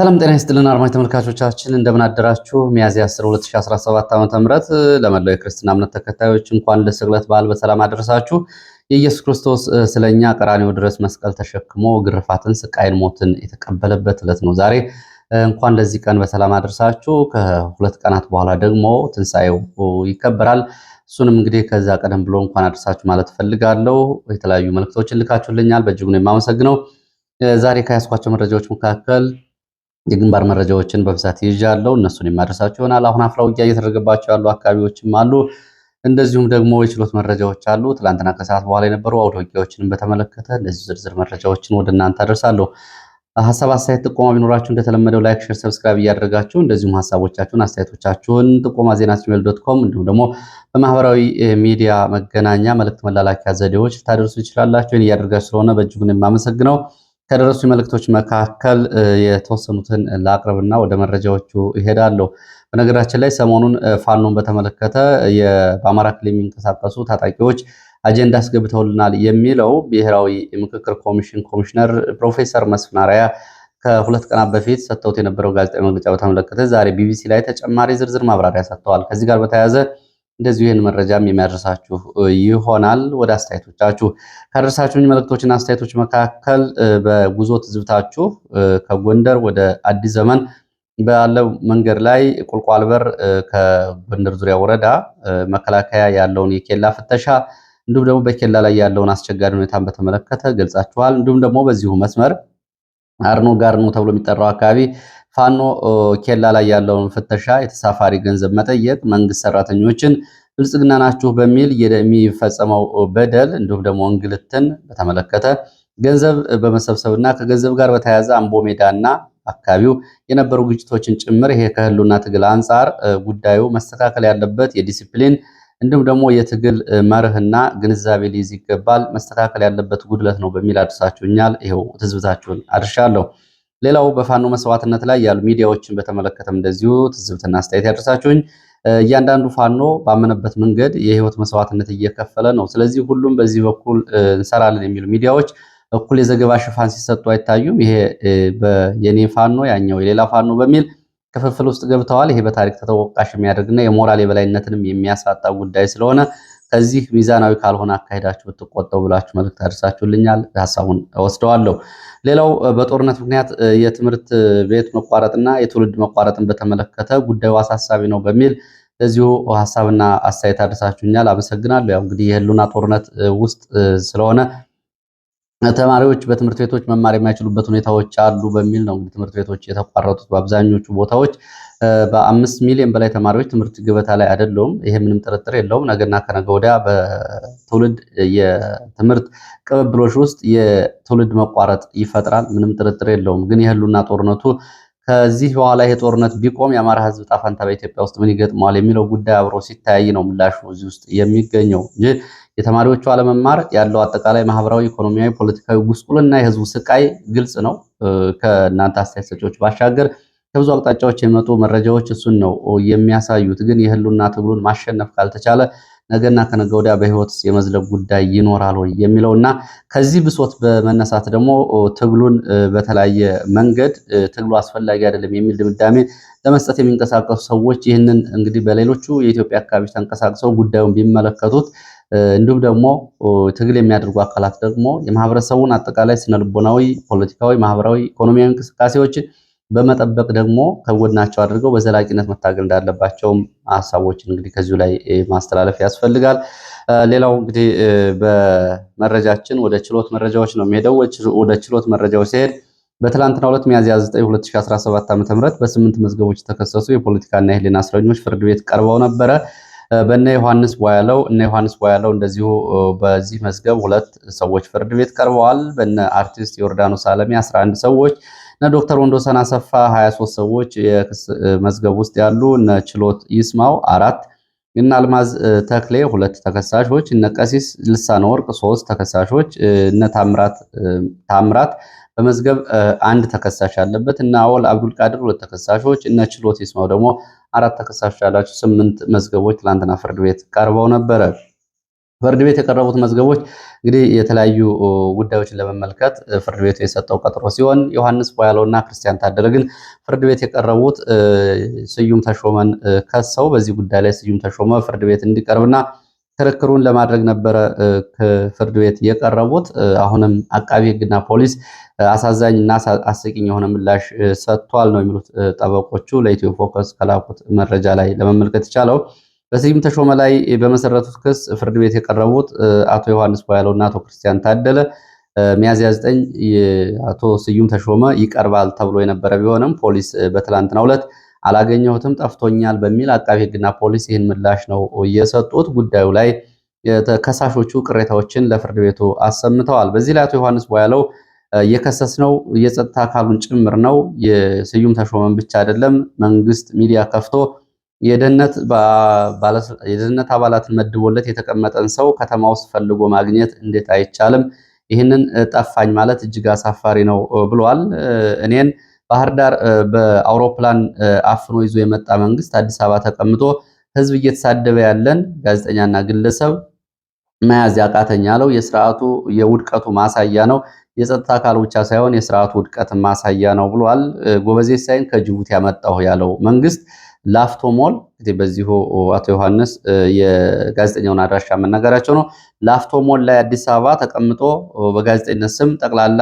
ሰላም ጤና ይስጥልን አድማጭ ተመልካቾቻችን እንደምን አደራችሁ። ሚያዝያ 10 2017 ዓ.ም ለመላው የክርስትና እምነት ተከታዮች እንኳን ለስቅለት በዓል በሰላም አደረሳችሁ። የኢየሱስ ክርስቶስ ስለኛ ቀራኒው ድረስ መስቀል ተሸክሞ ግርፋትን፣ ስቃይን፣ ሞትን የተቀበለበት ዕለት ነው ዛሬ። እንኳን ለዚህ ቀን በሰላም አደረሳችሁ። ከሁለት ቀናት በኋላ ደግሞ ትንሣኤው ይከበራል። እሱንም እንግዲህ ከዛ ቀደም ብሎ እንኳን አደረሳችሁ ማለት እፈልጋለሁ። የተለያዩ መልክቶችን ልካችሁልኛል፣ በእጅጉ ነው የማመሰግነው። ዛሬ ከያዝኳቸው መረጃዎች መካከል የግንባር መረጃዎችን በብዛት ይዣለሁ። እነሱን የማድረሳቸው ይሆናል። አሁን አፍላ ውጊያ እየተደረገባቸው ያሉ አካባቢዎችም አሉ። እንደዚሁም ደግሞ የችሎት መረጃዎች አሉ። ትላንትና ከሰዓት በኋላ የነበሩ አውደ ውጊያዎችንም በተመለከተ እንደዚህ ዝርዝር መረጃዎችን ወደ እናንተ አደርሳለሁ። ሀሳብ አስተያየት፣ ጥቆማ ቢኖራችሁ እንደተለመደው ላይክ፣ ሼር፣ ሰብስክራይብ እያደረጋችሁ እንደዚሁም ሀሳቦቻችሁን፣ አስተያየቶቻችሁን ጥቆማ ዜና ጂሜል ዶት ኮም እንዲሁም ደግሞ በማህበራዊ ሚዲያ መገናኛ መልእክት መላላኪያ ዘዴዎች ልታደርሱ ይችላላችሁ። ይህን እያደረጋችሁ ስለሆነ በእጅጉን የማመሰግነው ከደረሱ መልእክቶች መካከል የተወሰኑትን ላቅርብና ወደ መረጃዎቹ ይሄዳለሁ። በነገራችን ላይ ሰሞኑን ፋኖን በተመለከተ በአማራ ክልል የሚንቀሳቀሱ ታጣቂዎች አጀንዳ አስገብተውልናል የሚለው ብሔራዊ ምክክር ኮሚሽን ኮሚሽነር ፕሮፌሰር መስፍን አርአያ ከሁለት ቀናት በፊት ሰጥተውት የነበረው ጋዜጣዊ መግለጫ በተመለከተ ዛሬ ቢቢሲ ላይ ተጨማሪ ዝርዝር ማብራሪያ ሰጥተዋል። ከዚህ ጋር በተያያዘ እንደዚሁ ይህን መረጃም የሚያደርሳችሁ ይሆናል። ወደ አስተያየቶቻችሁ ካደረሳችሁኝ መልእክቶችና አስተያየቶች መካከል በጉዞ ትዝብታችሁ ከጎንደር ወደ አዲስ ዘመን ባለው መንገድ ላይ ቁልቋል በር ከጎንደር ዙሪያ ወረዳ መከላከያ ያለውን የኬላ ፍተሻ እንዲሁም ደግሞ በኬላ ላይ ያለውን አስቸጋሪ ሁኔታን በተመለከተ ገልጻችኋል። እንዲሁም ደግሞ በዚሁ መስመር አርኖ ጋር ተብሎ የሚጠራው አካባቢ ፋኖ ኬላ ላይ ያለውን ፍተሻ፣ የተሳፋሪ ገንዘብ መጠየቅ፣ መንግስት ሰራተኞችን ብልጽግና ናችሁ በሚል የሚፈጸመው በደል እንዲሁም ደግሞ እንግልትን በተመለከተ ገንዘብ በመሰብሰብና ከገንዘብ ጋር በተያያዘ አምቦ ሜዳና አካባቢው የነበሩ ግጭቶችን ጭምር ይሄ ከህሉና ትግል አንጻር ጉዳዩ መስተካከል ያለበት የዲሲፕሊን እንዲሁም ደግሞ የትግል መርህና ግንዛቤ ሊይዝ ይገባል፣ መስተካከል ያለበት ጉድለት ነው በሚል አድርሳችሁኛል። ይኸው ትዝብታችሁን አድርሻለሁ። ሌላው በፋኖ መስዋዕትነት ላይ ያሉ ሚዲያዎችን በተመለከተም እንደዚሁ ትዝብትና አስተያየት ያደርሳችሁኝ። እያንዳንዱ ፋኖ ባመነበት መንገድ የህይወት መስዋዕትነት እየከፈለ ነው። ስለዚህ ሁሉም በዚህ በኩል እንሰራለን የሚሉ ሚዲያዎች እኩል የዘገባ ሽፋን ሲሰጡ አይታዩም። ይሄ የኔ ፋኖ ያኛው የሌላ ፋኖ በሚል ክፍፍል ውስጥ ገብተዋል። ይሄ በታሪክ ተተወቃሽ የሚያደርግና የሞራል የበላይነትንም የሚያሳጣ ጉዳይ ስለሆነ ከዚህ ሚዛናዊ ካልሆነ አካሄዳችሁ ብትቆጠቡ ብላችሁ መልእክት አድርሳችሁልኛል። ሀሳቡን ወስደዋለሁ። ሌላው በጦርነት ምክንያት የትምህርት ቤት መቋረጥና የትውልድ መቋረጥን በተመለከተ ጉዳዩ አሳሳቢ ነው በሚል ለዚሁ ሀሳብና አስተያየት አድርሳችሁኛል። አመሰግናለሁ። ያው እንግዲህ የህሉና ጦርነት ውስጥ ስለሆነ ተማሪዎች በትምህርት ቤቶች መማር የማይችሉበት ሁኔታዎች አሉ በሚል ነው እንግዲህ ትምህርት ቤቶች የተቋረጡት በአብዛኞቹ ቦታዎች በአምስት ሚሊዮን በላይ ተማሪዎች ትምህርት ገበታ ላይ አይደሉም። ይሄ ምንም ጥርጥር የለውም። ነገና ከነገ ወዲያ በትውልድ የትምህርት ቅብብሎች ውስጥ የትውልድ መቋረጥ ይፈጥራል። ምንም ጥርጥር የለውም። ግን የህሉና ጦርነቱ ከዚህ በኋላ ይሄ ጦርነት ቢቆም የአማራ ህዝብ ጣፋንታ በኢትዮጵያ ውስጥ ምን ይገጥመዋል የሚለው ጉዳይ አብሮ ሲታያይ ነው ምላሹ እዚህ ውስጥ የሚገኘው እንጂ የተማሪዎቹ አለመማር ያለው አጠቃላይ ማህበራዊ፣ ኢኮኖሚያዊ፣ ፖለቲካዊ ጉስቁልና የህዝቡ ስቃይ ግልጽ ነው ከእናንተ አስተያየት ሰጪዎች ባሻገር ከብዙ አቅጣጫዎች የመጡ መረጃዎች እሱን ነው የሚያሳዩት። ግን የህልውና ትግሉን ማሸነፍ ካልተቻለ ነገና ከነገ ወዲያ በህይወት የመዝለብ ጉዳይ ይኖራል ወይ የሚለው እና ከዚህ ብሶት በመነሳት ደግሞ ትግሉን በተለያየ መንገድ ትግሉ አስፈላጊ አይደለም የሚል ድምዳሜ ለመስጠት የሚንቀሳቀሱ ሰዎች ይህንን እንግዲህ በሌሎቹ የኢትዮጵያ አካባቢዎች ተንቀሳቅሰው ጉዳዩን ቢመለከቱት እንዲሁም ደግሞ ትግል የሚያደርጉ አካላት ደግሞ የማህበረሰቡን አጠቃላይ ስነልቦናዊ፣ ፖለቲካዊ፣ ማህበራዊ፣ ኢኮኖሚያዊ እንቅስቃሴዎችን በመጠበቅ ደግሞ ከጎናቸው አድርገው በዘላቂነት መታገል እንዳለባቸውም ሀሳቦችን እንግዲህ ከዚሁ ላይ ማስተላለፍ ያስፈልጋል። ሌላው እንግዲህ በመረጃችን ወደ ችሎት መረጃዎች ነው የሚሄደው። ወደ ችሎት መረጃዎች ሲሄድ በትላንትና ሁለት ሚያዝያ 9 2017 ዓ ም በስምንት መዝገቦች የተከሰሱ የፖለቲካና የህሊና እስረኞች ፍርድ ቤት ቀርበው ነበረ። በእነ ዮሐንስ ቧያለው እነ ዮሐንስ ቧያለው እንደዚሁ በዚህ መዝገብ ሁለት ሰዎች ፍርድ ቤት ቀርበዋል። በነ አርቲስት ዮርዳኖስ አለሜ 11 ሰዎች እነ ዶክተር ወንዶሰን አሰፋ 23 ሰዎች የክስ መዝገብ ውስጥ ያሉ፣ እነ ችሎት ይስማው አራት፣ እነ አልማዝ ተክሌ ሁለት ተከሳሾች፣ እነ ቀሲስ ልሳነ ወርቅ ሶስት ተከሳሾች፣ እነ ታምራት በመዝገብ አንድ ተከሳሽ ያለበት እና አወል አብዱል ቃድር ሁለት ተከሳሾች እነ ችሎት ይስማው ደግሞ አራት ተከሳሾች ያላቸው ስምንት መዝገቦች ትላንትና ፍርድ ቤት ቀርበው ነበረ። ፍርድ ቤት የቀረቡት መዝገቦች እንግዲህ የተለያዩ ጉዳዮችን ለመመልከት ፍርድ ቤቱ የሰጠው ቀጥሮ ሲሆን ዮሐንስ እና ክርስቲያን ታደረ ግን ፍርድ ቤት የቀረቡት ስዩም ተሾመን ከሰው በዚህ ጉዳይ ላይ ስዩም ተሾመ ፍርድ ቤት እንዲቀርብና ክርክሩን ለማድረግ ነበረ ፍርድ ቤት የቀረቡት። አሁንም አቃቢ ሕግና ፖሊስ አሳዛኝ እና አስቂኝ የሆነ ምላሽ ሰጥቷል ነው የሚሉት ጠበቆቹ። ለኢትዮ ፎከስ ከላኩት መረጃ ላይ ለመመልከት ይቻለው። በስዩም ተሾመ ላይ በመሰረቱት ክስ ፍርድ ቤት የቀረቡት አቶ ዮሐንስ ቧያለው እና አቶ ክርስቲያን ታደለ ሚያዝያ 9 አቶ ስዩም ተሾመ ይቀርባል ተብሎ የነበረ ቢሆንም ፖሊስ በትላንትናው ዕለት አላገኘሁትም ጠፍቶኛል በሚል አቃቤ ሕግና ፖሊስ ይህን ምላሽ ነው የሰጡት። ጉዳዩ ላይ ከሳሾቹ ቅሬታዎችን ለፍርድ ቤቱ አሰምተዋል። በዚህ ላይ አቶ ዮሐንስ ቦያለው የከሰስ ነው የጸጥታ አካሉን ጭምር ነው፣ የስዩም ተሾመን ብቻ አይደለም። መንግስት ሚዲያ ከፍቶ የደህንነት አባላትን መድቦለት የተቀመጠን ሰው ከተማ ውስጥ ፈልጎ ማግኘት እንዴት አይቻልም? ይህንን ጠፋኝ ማለት እጅግ አሳፋሪ ነው ብሏል። እኔን ባህር ዳር በአውሮፕላን አፍኖ ይዞ የመጣ መንግስት አዲስ አበባ ተቀምጦ ህዝብ እየተሳደበ ያለን ጋዜጠኛና ግለሰብ መያዝ ያቃተኝ ያለው የስርዓቱ የውድቀቱ ማሳያ ነው። የጸጥታ አካል ብቻ ሳይሆን የስርዓቱ ውድቀት ማሳያ ነው ብሏል። ጎበዜ ሳይን ከጅቡቲ ያመጣሁ ያለው መንግስት ላፍቶ ሞል እንግዲህ በዚሁ አቶ ዮሐንስ የጋዜጠኛውን አድራሻ መናገራቸው ነው። ላፍቶ ሞል ላይ አዲስ አበባ ተቀምጦ በጋዜጠኝነት ስም ጠቅላላ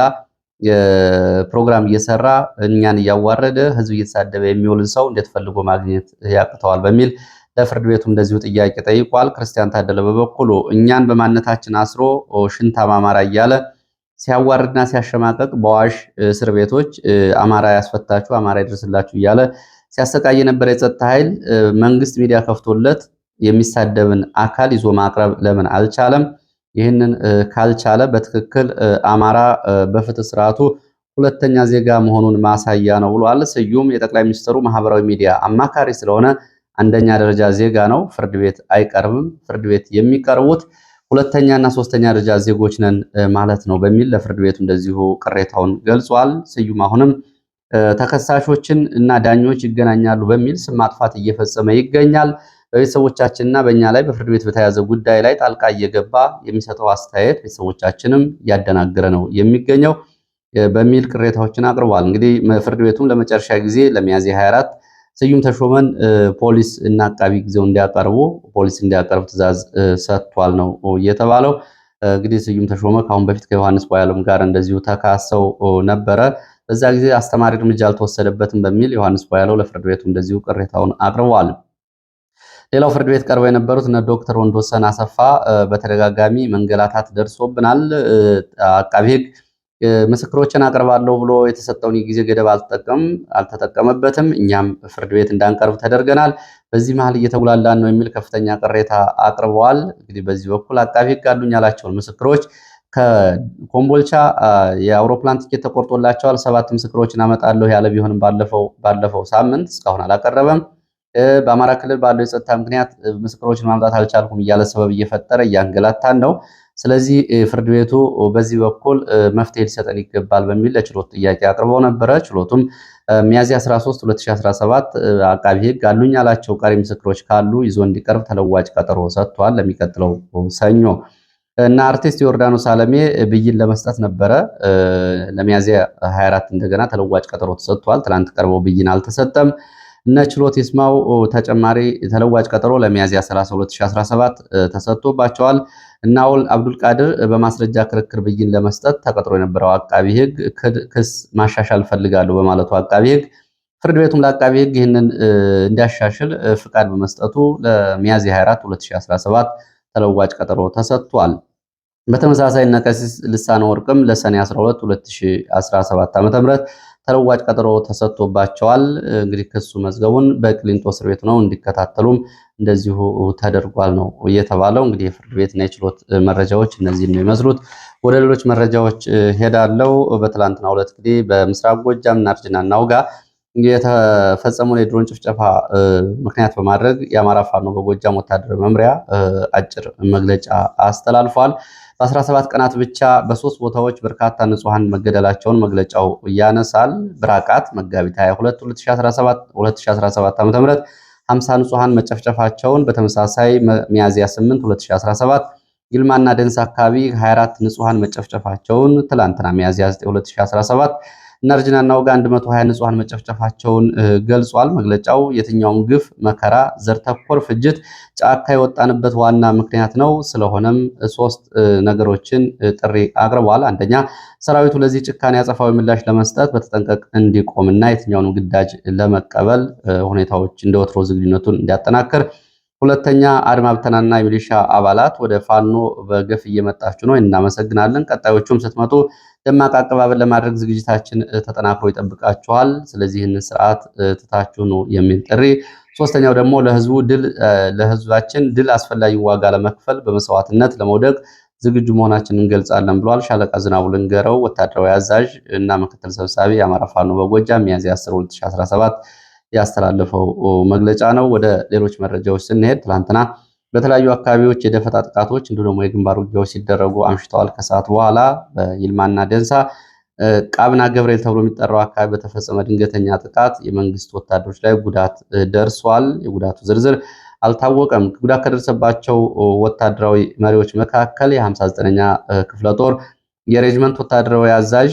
ፕሮግራም እየሰራ እኛን እያዋረደ ህዝብ እየተሳደበ የሚውልን ሰው እንዴት ፈልጎ ማግኘት ያቅተዋል በሚል ለፍርድ ቤቱም እንደዚሁ ጥያቄ ጠይቋል። ክርስቲያን ታደለ በበኩሉ እኛን በማንነታችን አስሮ ሽንታ አማራ እያለ ሲያዋርድና ሲያሸማቀቅ በዋሽ እስር ቤቶች አማራ ያስፈታችሁ፣ አማራ ይደርስላችሁ እያለ ሲያሰቃይ የነበረ የጸጥታ ኃይል መንግስት ሚዲያ ከፍቶለት የሚሳደብን አካል ይዞ ማቅረብ ለምን አልቻለም? ይህንን ካልቻለ በትክክል አማራ በፍትህ ስርዓቱ ሁለተኛ ዜጋ መሆኑን ማሳያ ነው ብሏል። ስዩም የጠቅላይ ሚኒስትሩ ማህበራዊ ሚዲያ አማካሪ ስለሆነ አንደኛ ደረጃ ዜጋ ነው፣ ፍርድ ቤት አይቀርብም። ፍርድ ቤት የሚቀርቡት ሁለተኛና ሶስተኛ ደረጃ ዜጎች ነን ማለት ነው በሚል ለፍርድ ቤቱ እንደዚሁ ቅሬታውን ገልጿል። ስዩም አሁንም ተከሳሾችን እና ዳኞች ይገናኛሉ በሚል ስም ማጥፋት እየፈጸመ ይገኛል። በቤተሰቦቻችንና በእኛ ላይ በፍርድ ቤት በተያዘ ጉዳይ ላይ ጣልቃ እየገባ የሚሰጠው አስተያየት ቤተሰቦቻችንም እያደናገረ ነው የሚገኘው በሚል ቅሬታዎችን አቅርቧል። እንግዲህ ፍርድ ቤቱም ለመጨረሻ ጊዜ ለሚያዝያ 24 ስዩም ተሾመን ፖሊስ እና አቃቢ ጊዜው እንዲያቀርቡ ፖሊስ እንዲያቀርብ ትዕዛዝ ሰጥቷል ነው የተባለው። እንግዲህ ስዩም ተሾመ ከአሁን በፊት ከዮሐንስ ቧያለም ጋር እንደዚሁ ተካሰው ነበረ። በዛ ጊዜ አስተማሪ እርምጃ አልተወሰደበትም በሚል ዮሐንስ ቧያለው ለፍርድ ቤቱ እንደዚሁ ቅሬታውን አቅርቧል። ሌላው ፍርድ ቤት ቀርበው የነበሩት እነ ዶክተር ወንዶሰን አሰፋ በተደጋጋሚ መንገላታት ደርሶብናል፣ አቃቤ ሕግ ምስክሮችን አቅርባለሁ ብሎ የተሰጠውን የጊዜ ገደብ አልተጠቀመበትም፣ እኛም ፍርድ ቤት እንዳንቀርብ ተደርገናል፣ በዚህ መሀል እየተጉላላን ነው የሚል ከፍተኛ ቅሬታ አቅርበዋል። እንግዲህ በዚህ በኩል አቃቤ ሕግ አሉኝ ያላቸውን ምስክሮች ከኮምቦልቻ የአውሮፕላን ትኬት ተቆርጦላቸዋል። ሰባት ምስክሮችን አመጣለሁ ያለ ቢሆንም ባለፈው ሳምንት እስካሁን አላቀረበም። በአማራ ክልል ባለው የጸጥታ ምክንያት ምስክሮችን ማምጣት አልቻልኩም እያለ ሰበብ እየፈጠረ እያንገላታን ነው። ስለዚህ ፍርድ ቤቱ በዚህ በኩል መፍትሄ ሊሰጠን ይገባል በሚል ለችሎት ጥያቄ አቅርበው ነበረ። ችሎቱም ሚያዝያ 13 2017 አቃቢ ሕግ አሉኝ ያላቸው ቀሪ ምስክሮች ካሉ ይዞ እንዲቀርብ ተለዋጭ ቀጠሮ ሰጥቷል ለሚቀጥለው ሰኞ እና አርቲስት ዮርዳኖስ አለሜ ብይን ለመስጠት ነበረ ለሚያዚያ 24 እንደገና ተለዋጭ ቀጠሮ ተሰጥቷል። ትላንት ቀርቦ ብይን አልተሰጠም። እነ ችሎት ይስማው ተጨማሪ ተለዋጭ ቀጠሮ ለሚያዚያ 30 2017 ተሰጥቶባቸዋል። እና አውል አብዱልቃድር በማስረጃ ክርክር ብይን ለመስጠት ተቀጥሮ የነበረው አቃቢ ህግ ክስ ማሻሻል ፈልጋለሁ በማለቱ አቃቢ ህግ ፍርድ ቤቱም ለአቃቢ ህግ ይህንን እንዲያሻሽል ፍቃድ በመስጠቱ ለሚያዚያ 24 2017 ተለዋጭ ቀጠሮ ተሰጥቷል። በተመሳሳይ እነ ቀሲስ ልሳነ ወርቅም ለሰኔ 12 2017 ዓ.ም ተለዋጭ ቀጠሮ ተሰጥቶባቸዋል። እንግዲህ ክሱ መዝገቡን በቅሊንጦ እስር ቤት ነው እንዲከታተሉም እንደዚሁ ተደርጓል ነው እየተባለው። እንግዲህ የፍርድ ቤትና የችሎት መረጃዎች እነዚህ ነው የሚመስሉት። ወደ ሌሎች መረጃዎች ሄዳለው። በትላንትና ሁለት እንግዲህ በምስራቅ ጎጃም ናርጅና እናውጋ የተፈጸመውን የድሮን ጭፍጨፋ ምክንያት በማድረግ የአማራ ፋኖ በጎጃም ወታደር መምሪያ አጭር መግለጫ አስተላልፏል። በ17 ቀናት ብቻ በሶስት ቦታዎች በርካታ ንጹሐን መገደላቸውን መግለጫው ያነሳል። ብራቃት መጋቢት 22 2017 ዓ.ም 50 ንጹሐን መጨፍጨፋቸውን፣ በተመሳሳይ ሚያዝያ 8 2017 ግልማና ደንስ አካባቢ 24 ንጹሐን መጨፍጨፋቸውን፣ ትላንትና ሚያዝያ 9 2017 እናርጅና እናውጋ 120 ንጹሃን መጨፍጨፋቸውን ገልጿል። መግለጫው የትኛውም ግፍ፣ መከራ፣ ዘር ተኮር ፍጅት ጫካ የወጣንበት ዋና ምክንያት ነው። ስለሆነም ሶስት ነገሮችን ጥሪ አቅርቧል። አንደኛ ሰራዊቱ ለዚህ ጭካኔ አጸፋዊ ምላሽ ለመስጠት በተጠንቀቅ እንዲቆምና የትኛውንም ግዳጅ ለመቀበል ሁኔታዎች እንደወትሮ ዝግጁነቱን እንዲያጠናክር ሁለተኛ አድማ ብተናና የሚሊሻ አባላት ወደ ፋኖ በገፍ እየመጣችሁ ነው፣ እናመሰግናለን። ቀጣዮቹም ስትመጡ ደማቅ አቀባበል ለማድረግ ዝግጅታችን ተጠናክሮ ይጠብቃችኋል። ስለዚህ ይህንን ስርዓት ትታችሁ ነው የሚል ጥሪ። ሶስተኛው ደግሞ ለህዝቡ ድል ለህዝባችን ድል አስፈላጊ ዋጋ ለመክፈል በመስዋዕትነት ለመውደቅ ዝግጁ መሆናችን እንገልጻለን ብሏል። ሻለቃ ዝናቡ ልንገረው ወታደራዊ አዛዥ እና ምክትል ሰብሳቢ የአማራ ፋኖ በጎጃም ሚያዝያ 10 2017 ያስተላለፈው መግለጫ ነው። ወደ ሌሎች መረጃዎች ስንሄድ ትላንትና በተለያዩ አካባቢዎች የደፈጣ ጥቃቶች እንዲሁ ደግሞ የግንባር ውጊያዎች ሲደረጉ አምሽተዋል። ከሰዓት በኋላ በይልማና ደንሳ ቃብና ገብርኤል ተብሎ የሚጠራው አካባቢ በተፈጸመ ድንገተኛ ጥቃት የመንግስት ወታደሮች ላይ ጉዳት ደርሷል። የጉዳቱ ዝርዝር አልታወቀም። ጉዳት ከደረሰባቸው ወታደራዊ መሪዎች መካከል የ59ኛ ክፍለ ጦር የሬጅመንት ወታደራዊ አዛዥ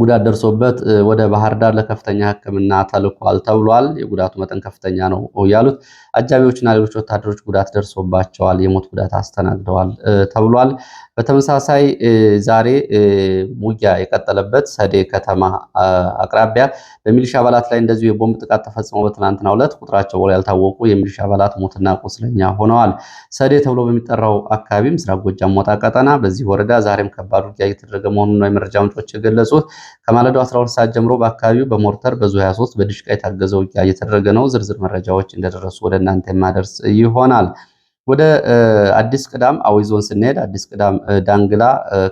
ጉዳት ደርሶበት ወደ ባህር ዳር ለከፍተኛ ሕክምና ተልኳል ተብሏል። የጉዳቱ መጠን ከፍተኛ ነው ያሉት አጃቢዎችና ሌሎች ወታደሮች ጉዳት ደርሶባቸዋል፣ የሞት ጉዳት አስተናግደዋል ተብሏል። በተመሳሳይ ዛሬ ውጊያ የቀጠለበት ሰዴ ከተማ አቅራቢያ በሚሊሻ አባላት ላይ እንደዚሁ የቦምብ ጥቃት ተፈጽሞ በትናንትናው ዕለት ቁጥራቸው በውል ያልታወቁ የሚሊሻ አባላት ሞትና ቁስለኛ ሆነዋል። ሰዴ ተብሎ በሚጠራው አካባቢ ምስራቅ ጎጃም ሞጣ ቀጠና በዚህ ወረዳ ዛሬም ከባድ ውጊያ እየተደረገ መሆኑን ነው የመረጃ ምንጮች የገለጹት። ከማለዳው 12 ሰዓት ጀምሮ በአካባቢው በሞርተር በዙ 23 በድሽቃ የታገዘ ውጊያ እየተደረገ ነው። ዝርዝር መረጃዎች እንደደረሱ ወደ እናንተ የማደርስ ይሆናል። ወደ አዲስ ቅዳም አዊ ዞን ስንሄድ አዲስ ቅዳም ዳንግላ፣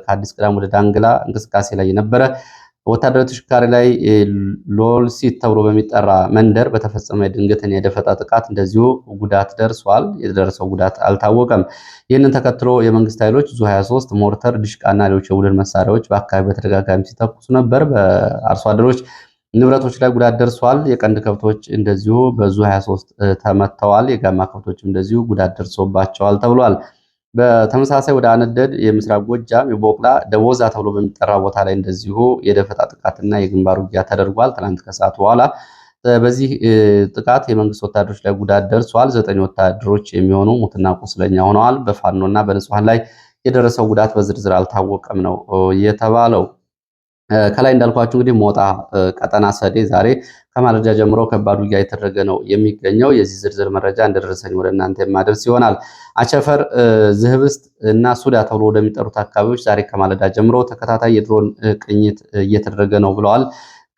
ከአዲስ ቅዳም ወደ ዳንግላ እንቅስቃሴ ላይ የነበረ ወታደራዊ ተሽካሪ ላይ ሎልሲት ተብሎ በሚጠራ መንደር በተፈጸመ ድንገተኛ የደፈጣ ጥቃት እንደዚሁ ጉዳት ደርሷል። የደረሰው ጉዳት አልታወቀም። ይህንን ተከትሎ የመንግስት ኃይሎች ዙ 23 ሞርተር፣ ድሽቃና ሌሎች የቡድን መሳሪያዎች በአካባቢ በተደጋጋሚ ሲተኩሱ ነበር በአርሶ አደሮች ንብረቶች ላይ ጉዳት ደርሷል። የቀንድ ከብቶች እንደዚሁ በዙ 23 ተመተዋል። የጋማ ከብቶችም እንደዚሁ ጉዳት ደርሶባቸዋል ተብሏል። በተመሳሳይ ወደ አነደድ የምስራቅ ጎጃም የቦቅላ ደቦዛ ተብሎ በሚጠራ ቦታ ላይ እንደዚሁ የደፈጣ ጥቃትና የግንባር ውጊያ ተደርጓል። ትናንት ከሰዓት በኋላ በዚህ ጥቃት የመንግስት ወታደሮች ላይ ጉዳት ደርሷል። ዘጠኝ ወታደሮች የሚሆኑ ሙትና ቁስለኛ ሆነዋል። በፋኖና በንጹሐን ላይ የደረሰው ጉዳት በዝርዝር አልታወቀም ነው የተባለው። ከላይ እንዳልኳችሁ እንግዲህ ሞጣ ቀጠና ሰዴ ዛሬ ከማለዳ ጀምሮ ከባድ ውጊያ የተደረገ ነው የሚገኘው። የዚህ ዝርዝር መረጃ እንደደረሰኝ ወደ እናንተ የማደርስ ይሆናል። አቸፈር፣ ዝህብስት እና ሱዳ ተብሎ ወደሚጠሩት አካባቢዎች ዛሬ ከማለዳ ጀምሮ ተከታታይ የድሮን ቅኝት እየተደረገ ነው ብለዋል።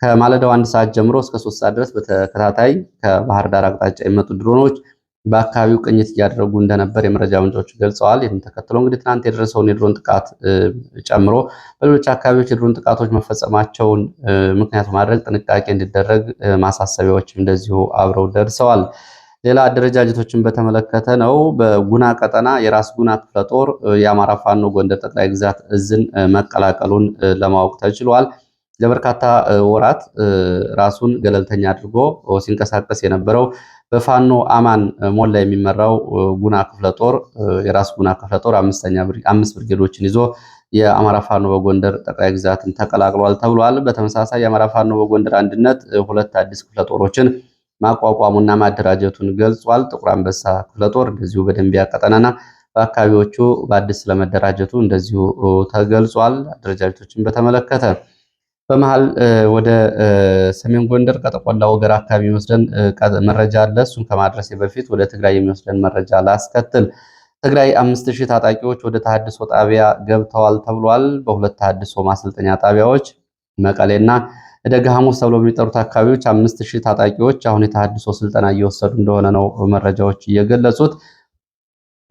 ከማለዳው አንድ ሰዓት ጀምሮ እስከ ሶስት ሰዓት ድረስ በተከታታይ ከባህር ዳር አቅጣጫ የመጡ ድሮኖች በአካባቢው ቅኝት እያደረጉ እንደነበር የመረጃ ምንጮቹ ገልጸዋል። ይህን ተከትሎ እንግዲህ ትናንት የደረሰውን የድሮን ጥቃት ጨምሮ በሌሎች አካባቢዎች የድሮን ጥቃቶች መፈጸማቸውን ምክንያት በማድረግ ጥንቃቄ እንዲደረግ ማሳሰቢያዎችም እንደዚሁ አብረው ደርሰዋል። ሌላ አደረጃጀቶችን በተመለከተ ነው። በጉና ቀጠና የራስ ጉና ክፍለ ጦር የአማራ ፋኖ ጎንደር ጠቅላይ ግዛት እዝን መቀላቀሉን ለማወቅ ተችሏል። ለበርካታ ወራት ራሱን ገለልተኛ አድርጎ ሲንቀሳቀስ የነበረው በፋኖ አማን ሞላ የሚመራው ጉና ክፍለ ጦር የራስ ጉና ክፍለ ጦር አምስት ብርጌዶችን ይዞ የአማራ ፋኖ በጎንደር ጠቅላይ ግዛትን ተቀላቅሏል ተብሏል። በተመሳሳይ የአማራ ፋኖ በጎንደር አንድነት ሁለት አዲስ ክፍለ ጦሮችን ማቋቋሙና ማደራጀቱን ገልጿል። ጥቁር አንበሳ ክፍለ ጦር እንደዚሁ በደንቢያ ቀጠናና በአካባቢዎቹ በአዲስ ስለመደራጀቱ እንደዚሁ ተገልጿል። አደረጃጀቶችን በተመለከተ በመሃል ወደ ሰሜን ጎንደር ቀጠቆላ ወገር አካባቢ የሚወስደን መረጃ አለ። እሱን ከማድረሴ በፊት ወደ ትግራይ የሚወስደን መረጃ ላስከትል። ትግራይ አምስት ሺህ ታጣቂዎች ወደ ተሃድሶ ጣቢያ ገብተዋል ተብሏል። በሁለት ተሃድሶ ማሰልጠኛ ጣቢያዎች መቀሌና ደጋ ሐሙስ ተብሎ በሚጠሩት አካባቢዎች አምስት ሺህ ታጣቂዎች አሁን የተሃድሶ ስልጠና እየወሰዱ እንደሆነ ነው መረጃዎች እየገለጹት።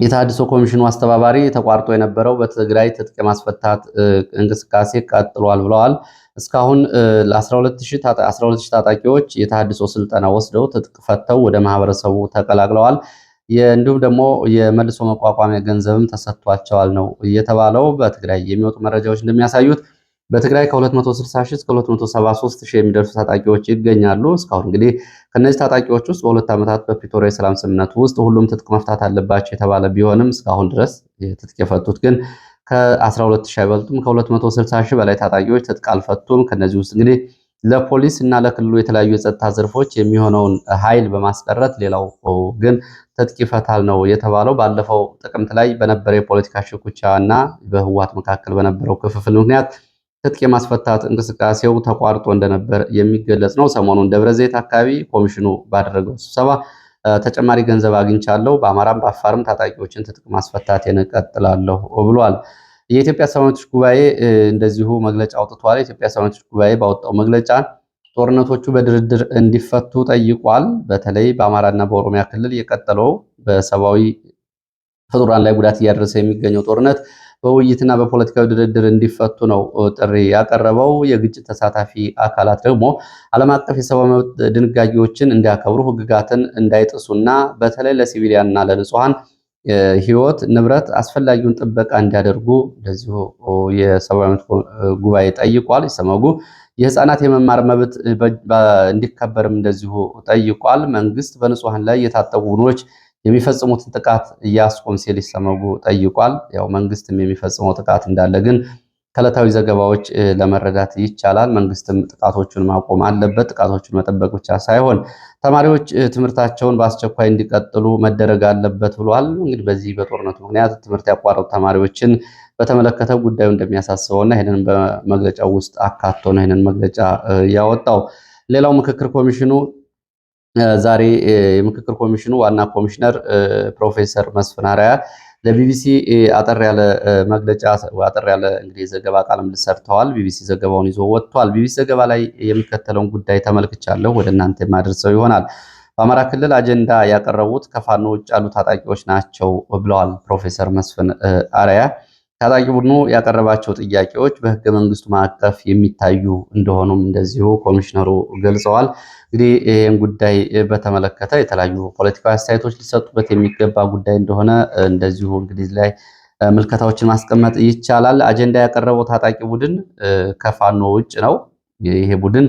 የተሃድሶ ኮሚሽኑ አስተባባሪ ተቋርጦ የነበረው በትግራይ ትጥቅ የማስፈታት እንቅስቃሴ ቀጥሏል ብለዋል። እስካሁን ለ12000 ታጣቂዎች የተሃድሶ ስልጠና ወስደው ትጥቅ ፈተው ወደ ማህበረሰቡ ተቀላቅለዋል። እንዲሁም ደግሞ የመልሶ መቋቋሚያ ገንዘብም ተሰጥቷቸዋል ነው የተባለው። በትግራይ የሚወጡ መረጃዎች እንደሚያሳዩት በትግራይ ከ260 ሺህ እስከ 273 ሺህ የሚደርሱ ታጣቂዎች ይገኛሉ። እስካሁን እንግዲህ ከነዚህ ታጣቂዎች ውስጥ በሁለት ዓመታት በፕሪቶሪያ የሰላም ስምምነት ውስጥ ሁሉም ትጥቅ መፍታት አለባቸው የተባለ ቢሆንም እስካሁን ድረስ ትጥቅ የፈቱት ግን ከ12 ሺህ አይበልጡም። ከ260 ሺህ በላይ ታጣቂዎች ትጥቅ አልፈቱም። ከነዚህ ውስጥ እንግዲህ ለፖሊስ እና ለክልሉ የተለያዩ የጸጥታ ዘርፎች የሚሆነውን ኃይል በማስቀረት ሌላው ግን ትጥቅ ይፈታል ነው የተባለው። ባለፈው ጥቅምት ላይ በነበረ የፖለቲካ ሽኩቻ እና በህዋት መካከል በነበረው ክፍፍል ምክንያት ትጥቅ የማስፈታት እንቅስቃሴው ተቋርጦ እንደነበር የሚገለጽ ነው። ሰሞኑን ደብረ ዘይት አካባቢ ኮሚሽኑ ባደረገው ስብሰባ ተጨማሪ ገንዘብ አግኝቻለሁ። በአማራም በአፋርም ታጣቂዎችን ትጥቅ ማስፈታቴን እቀጥላለሁ ብሏል። የኢትዮጵያ ሰብዓዊ ጉባኤ እንደዚሁ መግለጫ አውጥቷል። የኢትዮጵያ ሰብዓዊ ጉባኤ ባወጣው መግለጫ ጦርነቶቹ በድርድር እንዲፈቱ ጠይቋል። በተለይ በአማራና በኦሮሚያ ክልል የቀጠለው በሰብዓዊ ፍጡራን ላይ ጉዳት እያደረሰ የሚገኘው ጦርነት በውይይትና በፖለቲካዊ ድርድር እንዲፈቱ ነው ጥሪ ያቀረበው። የግጭት ተሳታፊ አካላት ደግሞ ዓለም አቀፍ የሰብአዊ መብት ድንጋጌዎችን እንዲያከብሩ፣ ህግጋትን እንዳይጥሱና በተለይ ለሲቪሊያንና ለንጹሐን ህይወት ንብረት አስፈላጊውን ጥበቃ እንዲያደርጉ እንደዚሁ የሰብአዊ መብት ጉባኤ ጠይቋል። ይሰመጉ የህፃናት የመማር መብት እንዲከበርም እንደዚሁ ጠይቋል። መንግስት በንጹሐን ላይ የታጠቁ ቡድኖች የሚፈጽሙትን ጥቃት እያስቆም ሲል ይሰመጉ ጠይቋል። ያው መንግስትም የሚፈጽመው ጥቃት እንዳለ ግን ከዕለታዊ ዘገባዎች ለመረዳት ይቻላል። መንግስትም ጥቃቶቹን ማቆም አለበት። ጥቃቶቹን መጠበቅ ብቻ ሳይሆን ተማሪዎች ትምህርታቸውን በአስቸኳይ እንዲቀጥሉ መደረግ አለበት ብሏል። እንግዲህ በዚህ በጦርነቱ ምክንያት ትምህርት ያቋረጡ ተማሪዎችን በተመለከተ ጉዳዩ እንደሚያሳስበውና ይህንን በመግለጫው ውስጥ አካቶ ነው ይህንን መግለጫ ያወጣው። ሌላው ምክክር ኮሚሽኑ ዛሬ የምክክር ኮሚሽኑ ዋና ኮሚሽነር ፕሮፌሰር መስፍን አርአያ ለቢቢሲ አጠር ያለ መግለጫ አጠር ያለ እንግዲህ ዘገባ ቃለ ምልልስ ሰርተዋል። ቢቢሲ ዘገባውን ይዞ ወጥቷል። ቢቢሲ ዘገባ ላይ የሚከተለውን ጉዳይ ተመልክቻለሁ፣ ወደ እናንተ የማደርሰው ይሆናል። በአማራ ክልል አጀንዳ ያቀረቡት ከፋኖ ውጭ ያሉ ታጣቂዎች ናቸው ብለዋል ፕሮፌሰር መስፍን አርአያ ታጣቂ ቡድኑ ያቀረባቸው ጥያቄዎች በህገ መንግስቱ ማዕቀፍ የሚታዩ እንደሆኑም እንደዚሁ ኮሚሽነሩ ገልጸዋል። እንግዲህ ይህን ጉዳይ በተመለከተ የተለያዩ ፖለቲካዊ አስተያየቶች ሊሰጡበት የሚገባ ጉዳይ እንደሆነ እንደዚሁ እንግዲህ ላይ ምልከታዎችን ማስቀመጥ ይቻላል። አጀንዳ ያቀረበው ታጣቂ ቡድን ከፋኖ ውጭ ነው። ይሄ ቡድን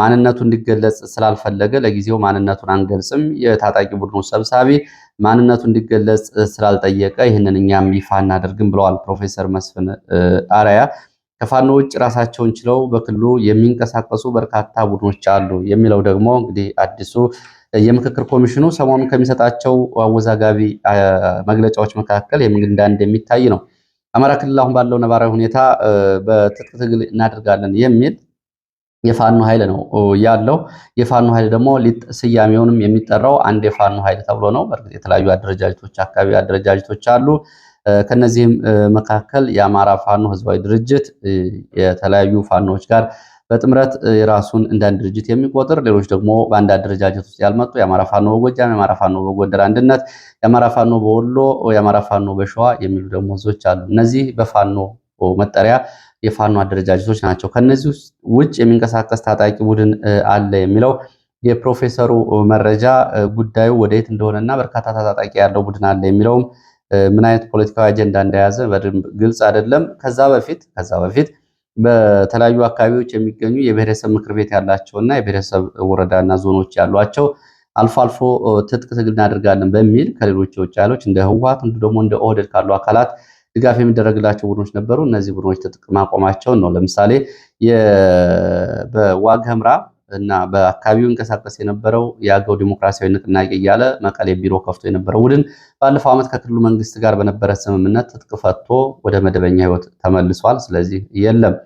ማንነቱ እንዲገለጽ ስላልፈለገ ለጊዜው ማንነቱን አንገልጽም። የታጣቂ ቡድኑ ሰብሳቢ ማንነቱ እንዲገለጽ ስላልጠየቀ ይህንን እኛም ይፋ እናደርግም ብለዋል ፕሮፌሰር መስፍን አራያ። ከፋኖ ውጭ ራሳቸውን ችለው በክልሉ የሚንቀሳቀሱ በርካታ ቡድኖች አሉ የሚለው ደግሞ እንግዲህ አዲሱ የምክክር ኮሚሽኑ ሰሞኑን ከሚሰጣቸው አወዛጋቢ መግለጫዎች መካከል እንዳንድ እንደሚታይ ነው። አማራ ክልል አሁን ባለው ነባራዊ ሁኔታ በትጥቅ ትግል እናደርጋለን የሚል የፋኖ ኃይል ነው ያለው። የፋኖ ኃይል ደግሞ ስያሜውንም የሚጠራው አንድ የፋኖ ኃይል ተብሎ ነው። በእርግጥ የተለያዩ አደረጃጀቶች፣ አካባቢ አደረጃጀቶች አሉ። ከነዚህም መካከል የአማራ ፋኖ ህዝባዊ ድርጅት የተለያዩ ፋኖዎች ጋር በጥምረት የራሱን እንዳንድ ድርጅት የሚቆጥር ሌሎች ደግሞ በአንድ አደረጃጀት ውስጥ ያልመጡ የአማራ ፋኖ በጎጃም፣ የአማራ ፋኖ በጎንደር አንድነት፣ የአማራ ፋኖ በወሎ፣ የአማራ ፋኖ በሸዋ የሚሉ ደግሞ ህዝቦች አሉ። እነዚህ በፋኖ መጠሪያ የፋኖ አደረጃጀቶች ናቸው። ከነዚህ ውጭ የሚንቀሳቀስ ታጣቂ ቡድን አለ የሚለው የፕሮፌሰሩ መረጃ ጉዳዩ ወደየት እንደሆነና በርካታ ታጣቂ ያለው ቡድን አለ የሚለውም ምን አይነት ፖለቲካዊ አጀንዳ እንደያዘ በደንብ ግልጽ አይደለም። ከዛ በፊት ከዛ በፊት በተለያዩ አካባቢዎች የሚገኙ የብሔረሰብ ምክር ቤት ያላቸው እና የብሔረሰብ ወረዳና ዞኖች ያሏቸው አልፎ አልፎ ትጥቅ ትግል እናደርጋለን በሚል ከሌሎች የውጭ ኃይሎች እንደ ህወሓት እንዲሁ ደግሞ እንደ ኦህደድ ካሉ አካላት ድጋፍ የሚደረግላቸው ቡድኖች ነበሩ። እነዚህ ቡድኖች ትጥቅ ማቆማቸውን ነው። ለምሳሌ በዋግ እና በአካባቢው እንቀሳቀስ የነበረው የአገው ዲሞክራሲያዊ ንቅናቄ እያለ መቀሌ ቢሮ ከፍቶ የነበረው ቡድን ባለፈው ዓመት ከክልሉ መንግስት ጋር በነበረ ስምምነት ትጥቅ ፈቶ ወደ መደበኛ ህይወት ተመልሷል። ስለዚህ የለም።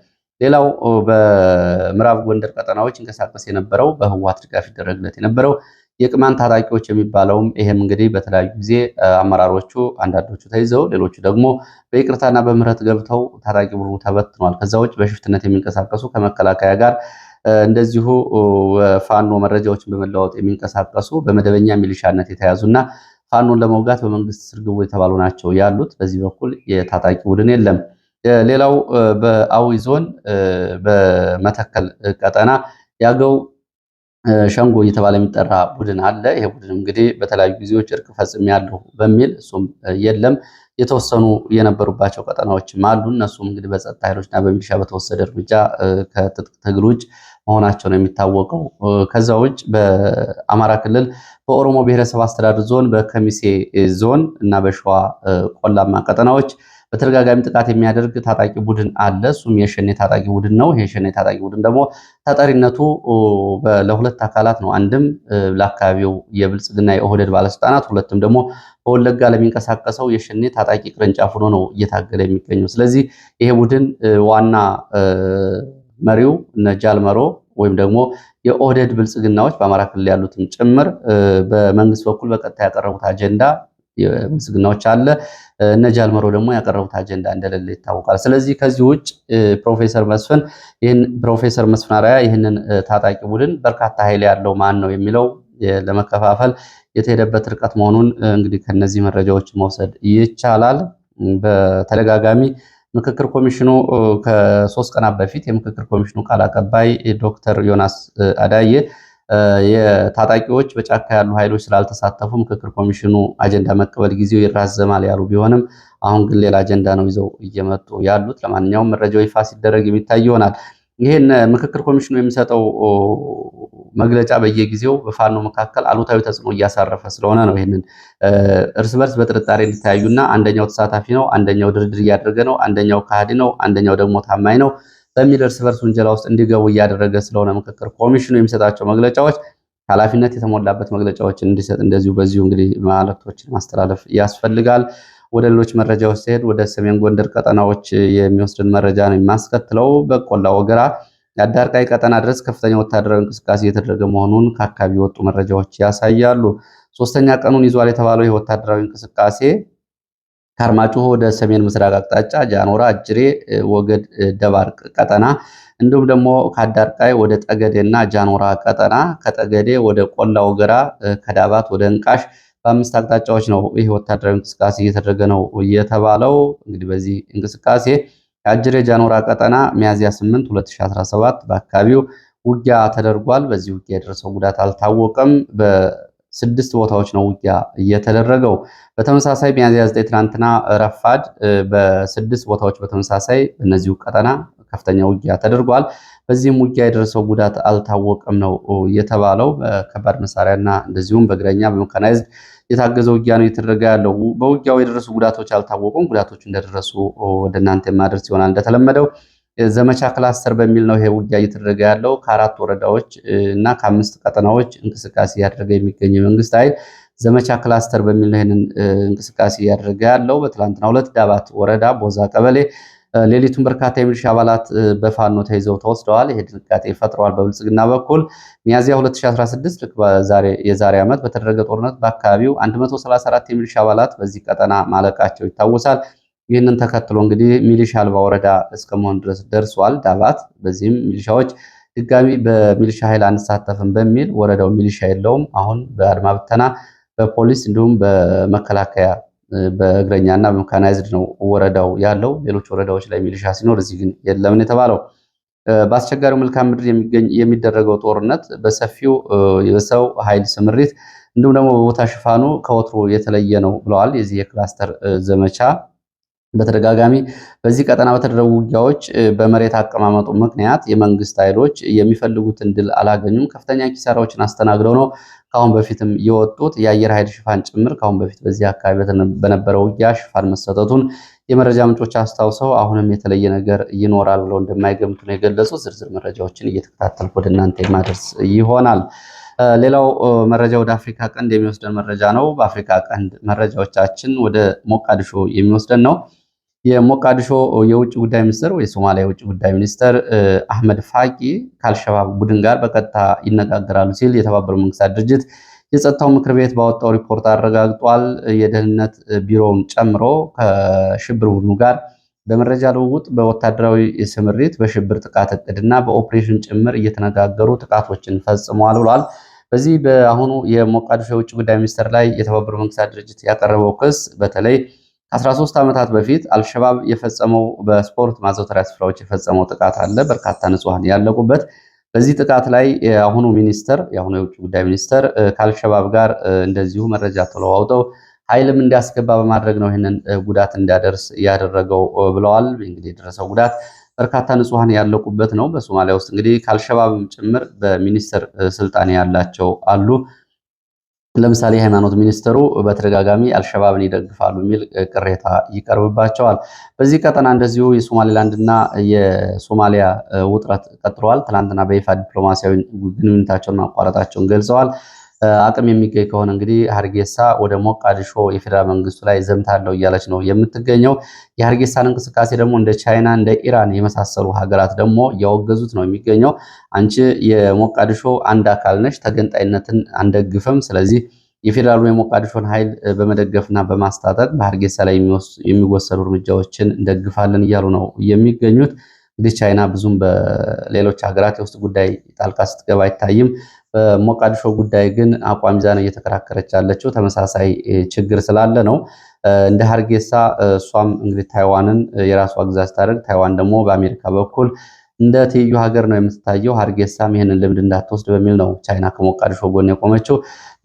ሌላው በምዕራብ ጎንደር ቀጠናዎች እንቀሳቀስ የነበረው በህወሓት ድጋፍ ይደረግለት የነበረው የቅማንት ታጣቂዎች የሚባለውም ይሄም እንግዲህ በተለያዩ ጊዜ አመራሮቹ አንዳንዶቹ ተይዘው ሌሎቹ ደግሞ በይቅርታና በምህረት ገብተው ታጣቂ ቡድኑ ተበትኗል። ከዛ ውጭ በሽፍትነት የሚንቀሳቀሱ ከመከላከያ ጋር እንደዚሁ ፋኖ መረጃዎችን በመለዋወጥ የሚንቀሳቀሱ በመደበኛ ሚሊሻነት የተያዙና ፋኖን ለመውጋት በመንግስት ስር ግቡ የተባሉ ናቸው ያሉት። በዚህ በኩል የታጣቂ ቡድን የለም። ሌላው በአዊ ዞን በመተከል ቀጠና ያገው ሸንጎ እየተባለ የሚጠራ ቡድን አለ። ይሄ ቡድን እንግዲህ በተለያዩ ጊዜዎች እርቅ ፈጽሜያለሁ በሚል እሱም የለም የተወሰኑ የነበሩባቸው ቀጠናዎችም አሉ። እነሱም እንግዲህ በጸጥታ ኃይሎችና በሚሊሻ በተወሰደ እርምጃ ከትጥቅ ትግል ውጭ መሆናቸው ነው የሚታወቀው። ከዛ ውጭ በአማራ ክልል በኦሮሞ ብሔረሰብ አስተዳደር ዞን፣ በከሚሴ ዞን እና በሸዋ ቆላማ ቀጠናዎች በተደጋጋሚ ጥቃት የሚያደርግ ታጣቂ ቡድን አለ። እሱም የሸኔ ታጣቂ ቡድን ነው። ይሄ የሸኔ ታጣቂ ቡድን ደግሞ ተጠሪነቱ ለሁለት አካላት ነው። አንድም ለአካባቢው የብልጽግና የኦህደድ ባለስልጣናት፣ ሁለትም ደግሞ በወለጋ ለሚንቀሳቀሰው የሸኔ ታጣቂ ቅርንጫፍ ሆኖ ነው እየታገለ የሚገኘው። ስለዚህ ይሄ ቡድን ዋና መሪው ነጃል መሮ ወይም ደግሞ የኦህደድ ብልጽግናዎች በአማራ ክልል ያሉትን ጭምር በመንግስት በኩል በቀጥታ ያቀረቡት አጀንዳ ምስግናዎች አለ። እነ ጃልመሮ ደግሞ ያቀረቡት አጀንዳ እንደሌለ ይታወቃል። ስለዚህ ከዚህ ውጭ ፕሮፌሰር መስፍን ይህን ፕሮፌሰር መስፍን አርአያ ይህንን ታጣቂ ቡድን በርካታ ኃይል ያለው ማን ነው የሚለው ለመከፋፈል የተሄደበት ርቀት መሆኑን እንግዲህ ከነዚህ መረጃዎች መውሰድ ይቻላል። በተደጋጋሚ ምክክር ኮሚሽኑ ከሶስት ቀናት በፊት የምክክር ኮሚሽኑ ቃል አቀባይ ዶክተር ዮናስ አዳዬ የታጣቂዎች በጫካ ያሉ ኃይሎች ስላልተሳተፉ ምክክር ኮሚሽኑ አጀንዳ መቀበል ጊዜው ይራዘማል ያሉ ቢሆንም አሁን ግን ሌላ አጀንዳ ነው ይዘው እየመጡ ያሉት። ለማንኛውም መረጃው ይፋ ሲደረግ የሚታይ ይሆናል። ይህን ምክክር ኮሚሽኑ የሚሰጠው መግለጫ በየጊዜው በፋኖ መካከል አሉታዊ ተጽዕኖ እያሳረፈ ስለሆነ ነው። ይህንን እርስ በርስ በጥርጣሬ እንዲተያዩና አንደኛው ተሳታፊ ነው፣ አንደኛው ድርድር እያደረገ ነው፣ አንደኛው ካህዲ ነው፣ አንደኛው ደግሞ ታማኝ ነው በሚል እርስ በርስ ውንጀላ ውስጥ እንዲገቡ እያደረገ ስለሆነ ምክክር ኮሚሽኑ የሚሰጣቸው መግለጫዎች ኃላፊነት የተሞላበት መግለጫዎችን እንዲሰጥ እንደዚሁ በዚሁ እንግዲህ መልእክቶችን ማስተላለፍ ያስፈልጋል። ወደ ሌሎች መረጃዎች ሲሄድ ወደ ሰሜን ጎንደር ቀጠናዎች የሚወስድን መረጃ ነው የማስከትለው። በቆላ ወገራ የአዳርቃይ ቀጠና ድረስ ከፍተኛ ወታደራዊ እንቅስቃሴ እየተደረገ መሆኑን ከአካባቢ የወጡ መረጃዎች ያሳያሉ። ሶስተኛ ቀኑን ይዟል የተባለው ይህ ወታደራዊ እንቅስቃሴ ከአርማጭሆ ወደ ሰሜን ምስራቅ አቅጣጫ ጃኖራ፣ አጅሬ፣ ወገድ፣ ደባርቅ ቀጠና እንዲሁም ደግሞ ከአዳርቃይ ወደ ጠገዴና ጃኖራ ቀጠና ከጠገዴ ወደ ቆላ ወገራ፣ ከዳባት ወደ እንቃሽ በአምስት አቅጣጫዎች ነው ይህ ወታደራዊ እንቅስቃሴ እየተደረገ ነው የተባለው። እንግዲህ በዚህ እንቅስቃሴ የአጅሬ ጃኖራ ቀጠና ሚያዝያ 8 2017 በአካባቢው ውጊያ ተደርጓል። በዚህ ውጊያ የደረሰው ጉዳት አልታወቀም። ስድስት ቦታዎች ነው ውጊያ እየተደረገው። በተመሳሳይ ሚያዝያ ዘጠኝ ትናንትና ረፋድ በስድስት ቦታዎች በተመሳሳይ በእነዚሁ ቀጠና ከፍተኛ ውጊያ ተደርጓል። በዚህም ውጊያ የደረሰው ጉዳት አልታወቀም ነው የተባለው። በከባድ መሳሪያና እንደዚሁም በእግረኛ በሜካናይዝድ የታገዘ ውጊያ ነው እየተደረገ ያለው። በውጊያው የደረሱ ጉዳቶች አልታወቁም። ጉዳቶቹ እንደደረሱ ወደ እናንተ የማደርስ ይሆናል እንደተለመደው ዘመቻ ክላስተር በሚል ነው ይሄ ውጊያ እየተደረገ ያለው። ከአራት ወረዳዎች እና ከአምስት ቀጠናዎች እንቅስቃሴ እያደረገ የሚገኝ የመንግስት ኃይል ዘመቻ ክላስተር በሚል ነው ይህንን እንቅስቃሴ እያደረገ ያለው። በትላንትና ሁለት ዳባት ወረዳ ቦዛ ቀበሌ ሌሊቱን በርካታ የሚሊሻ አባላት በፋኖ ተይዘው ተወስደዋል። ይሄ ድንጋጤ ፈጥረዋል። በብልጽግና በኩል ሚያዚያ 2016 የዛሬ ዓመት በተደረገ ጦርነት በአካባቢው 134 የሚሊሻ አባላት በዚህ ቀጠና ማለቃቸው ይታወሳል። ይህንን ተከትሎ እንግዲህ ሚሊሻ አልባ ወረዳ እስከመሆን ድረስ ደርሷል ዳባት። በዚህም ሚሊሻዎች ድጋሚ በሚሊሻ ኃይል አንሳተፍም በሚል ወረዳው ሚሊሻ የለውም። አሁን በአድማ ብተና በፖሊስ እንዲሁም በመከላከያ በእግረኛና በመካናይዝድ ነው ወረዳው ያለው። ሌሎች ወረዳዎች ላይ ሚሊሻ ሲኖር እዚህ ግን የለምን የተባለው። በአስቸጋሪው መልክዓ ምድር የሚደረገው ጦርነት በሰፊው የሰው ኃይል ስምሪት እንዲሁም ደግሞ በቦታ ሽፋኑ ከወትሮ የተለየ ነው ብለዋል። የዚህ የክላስተር ዘመቻ በተደጋጋሚ በዚህ ቀጠና በተደረጉ ውጊያዎች በመሬት አቀማመጡ ምክንያት የመንግስት ኃይሎች የሚፈልጉትን ድል አላገኙም። ከፍተኛ ኪሳራዎችን አስተናግደው ነው ከአሁን በፊትም የወጡት። የአየር ኃይል ሽፋን ጭምር ከአሁን በፊት በዚህ አካባቢ በነበረው ውጊያ ሽፋን መሰጠቱን የመረጃ ምንጮች አስታውሰው አሁንም የተለየ ነገር ይኖራል ብለው እንደማይገምቱ ነው የገለጹት። ዝርዝር መረጃዎችን እየተከታተልኩ ወደ እናንተ የማደርስ ይሆናል። ሌላው መረጃ ወደ አፍሪካ ቀንድ የሚወስደን መረጃ ነው። በአፍሪካ ቀንድ መረጃዎቻችን ወደ ሞቃዲሾ የሚወስደን ነው። የሞቃዲሾ የውጭ ጉዳይ ሚኒስትር የሶማሊያ የውጭ ጉዳይ ሚኒስትር አህመድ ፋቂ ከአልሸባብ ቡድን ጋር በቀጥታ ይነጋገራሉ ሲል የተባበሩ መንግስታት ድርጅት የጸጥታው ምክር ቤት ባወጣው ሪፖርት አረጋግጧል። የደህንነት ቢሮውን ጨምሮ ከሽብር ቡድኑ ጋር በመረጃ ልውውጥ፣ በወታደራዊ ስምሪት፣ በሽብር ጥቃት እቅድና በኦፕሬሽን ጭምር እየተነጋገሩ ጥቃቶችን ፈጽመዋል ብሏል። በዚህ በአሁኑ የሞቃዲሾ የውጭ ጉዳይ ሚኒስትር ላይ የተባበሩ መንግስታት ድርጅት ያቀረበው ክስ በተለይ ከ13 ዓመታት በፊት አልሸባብ የፈጸመው በስፖርት ማዘውተሪያ ስፍራዎች የፈጸመው ጥቃት አለ። በርካታ ንጹሐን ያለቁበት። በዚህ ጥቃት ላይ የአሁኑ ሚኒስተር የአሁኑ የውጭ ጉዳይ ሚኒስተር ከአልሸባብ ጋር እንደዚሁ መረጃ ተለዋውጠው ኃይልም እንዲያስገባ በማድረግ ነው ይህንን ጉዳት እንዲያደርስ ያደረገው ብለዋል። እንግዲህ የደረሰው ጉዳት በርካታ ንጹሐን ያለቁበት ነው። በሶማሊያ ውስጥ እንግዲህ ከአልሸባብም ጭምር በሚኒስትር ስልጣን ያላቸው አሉ። ለምሳሌ የሃይማኖት ሚኒስትሩ በተደጋጋሚ አልሸባብን ይደግፋሉ የሚል ቅሬታ ይቀርብባቸዋል። በዚህ ቀጠና እንደዚሁ የሶማሌላንድና የሶማሊያ ውጥረት ቀጥሏል። ትላንትና በይፋ ዲፕሎማሲያዊ ግንኙነታቸውን ማቋረጣቸውን ገልጸዋል። አቅም የሚገኝ ከሆነ እንግዲህ ሀርጌሳ ወደ ሞቃዲሾ የፌዴራል መንግስቱ ላይ ዘምታለው እያለች ነው የምትገኘው። የሀርጌሳን እንቅስቃሴ ደግሞ እንደ ቻይና እንደ ኢራን የመሳሰሉ ሀገራት ደግሞ እያወገዙት ነው የሚገኘው። አንቺ የሞቃዲሾ አንድ አካል ነች፣ ተገንጣይነትን አንደግፍም። ስለዚህ የፌዴራሉ የሞቃዲሾን ኃይል በመደገፍና በማስታጠቅ በሀርጌሳ ላይ የሚወሰዱ እርምጃዎችን እንደግፋለን እያሉ ነው የሚገኙት። እንግዲህ ቻይና ብዙም በሌሎች ሀገራት የውስጥ ጉዳይ ጣልቃ ስትገባ አይታይም። በሞቃዲሾ ጉዳይ ግን አቋም ይዛ ነው እየተከራከረች ያለችው ተመሳሳይ ችግር ስላለ ነው። እንደ ሀርጌሳ እሷም እንግዲህ ታይዋንን የራሷ ግዛት ስታደርግ ታይዋን ደግሞ በአሜሪካ በኩል እንደ ትይዩ ሀገር ነው የምትታየው። ሀርጌሳም ይህንን ልምድ እንዳትወስድ በሚል ነው ቻይና ከሞቃዲሾ ጎን የቆመችው።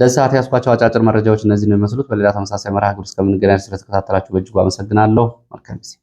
ለሰዓት ያስኳቸው አጫጭር መረጃዎች እነዚህ ነው የሚመስሉት። በሌላ ተመሳሳይ መርሃ ግብር እስከምንገናኝ ስለተከታተላችሁ በእጅጉ አመሰግናለሁ። መልካም ጊዜ